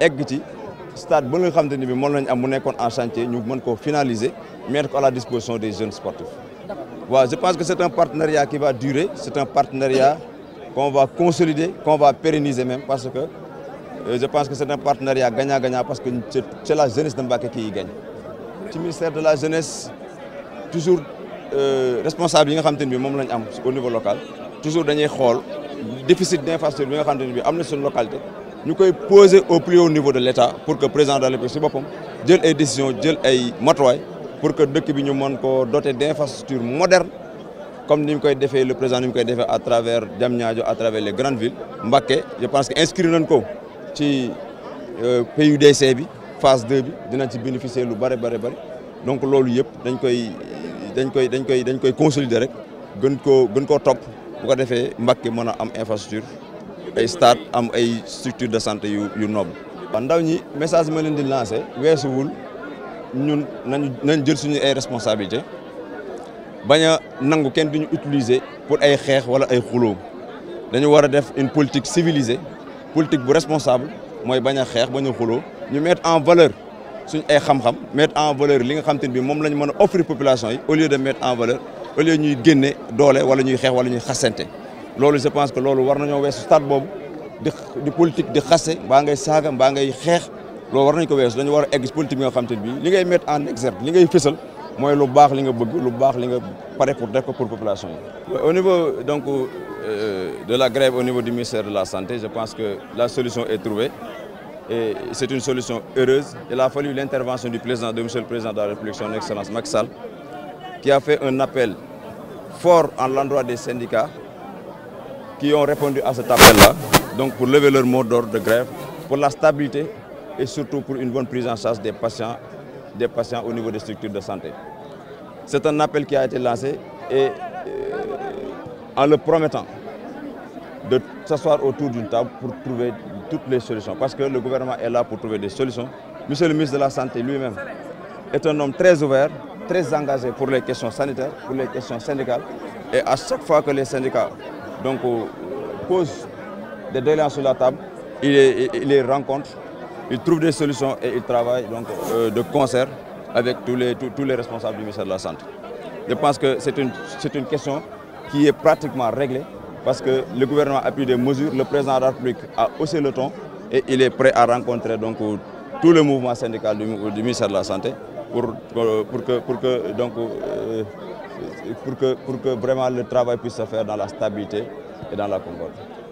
egg stade ba xam te bi lañ en chantier ñu finaliser mettre à la disposition des jeunes sportifs Voilà, je pense que c'est un partenariat qui va durer c'est un partenariat qu'on va consolider qu'on va pérenniser même parce que euh, je pense que c'est un partenariat gagnant-gagnant parce que c'est la jeunesse de qui y gagne Le ministère de la jeunesse toujours euh, responsable nga xam au niveau local toujours dañuy déficit d'infrastructure amener nga xam bi localité nous koy poser au plus haut niveau de l'État pour que président de la République si boppam ay décision jël ay matuwaay pour que dëkk bi ñu mën d'infrastructures doter moderne comme ni mu koy defee le président ni mu koy defee à travers Diamniadio à travers les grandes villes Mbacké je pense que inscrit nañ ko ci euh, PUDC bi phase 2 bi dinañ ci bénéficier lu bare bare bare donc loolu yëpp dañ koy dañ koy dañ koy dañ koy consolider rek gën koo gën koo topp bu ko defee Mbacké mën am infrastructure ay start, am ay structure de santé yu yu noble ndaw ñi message ma leen di lancé weesuwul ñun nañ jël suñu ay responsabilité baña nangu kenn duñu utiliser pour ay xeex wala ay xulo dañu wara def une politique civilisée politique bu responsable moy baña a baña xulo ñu mettre en valeur suñ ay xam-xam mettre en valeur li nga xam te bi mom la mëna offrir population yi au lieu de mettre en valeur au lieu ñuy génne doolé wala ñuy xeex wala ñuy xasante loolu je pense que loolu war nañoo weesu stade boobu di di politique di xase ba ngay saaga ba ngay xex loolu war nañ ko weesu dañu war a egg politique bi nga xam te bi li ngay mettre en exergue li ngay fessel moy lu bax li nga bëgg lu bax li nga paré pour def ko pour population au niveau donc euh, de la grève au niveau du ministère de la santé je pense que la solution est trouvée et c'est une solution heureuse il a fallu l'intervention du président de monsieur le président de la République son excellence Macky Sall qui a fait un appel fort en l'endroit des syndicats qui ont répondu à cet appel-là, donc pour lever leur mot d'ordre de grève, pour la stabilité et surtout pour une bonne prise en charge des patients, des patients au niveau des structures de santé. C'est un appel qui a été lancé et euh, en le promettant de s'asseoir autour d'une table pour trouver toutes les solutions. Parce que le gouvernement est là pour trouver des solutions. Monsieur le ministre de la Santé lui-même est un homme très ouvert, très engagé pour les questions sanitaires, pour les questions syndicales. Et à chaque fois que les syndicats donc, euh, pose des délais sur la table, il les, les, rencontre, il trouve des solutions et il travaille donc, euh, de concert avec tous les, tous, les responsables du ministère de la Santé. Je pense que c'est une, une question qui est pratiquement réglée parce que le gouvernement a pris des mesures, le président de la République a haussé le ton et il est prêt à rencontrer donc, euh, tout le mouvement syndical du, ministère de la Santé pour, pour, que, pour que donc, pour que, vraiment le travail puisse se faire dans la stabilité et dans la concorde.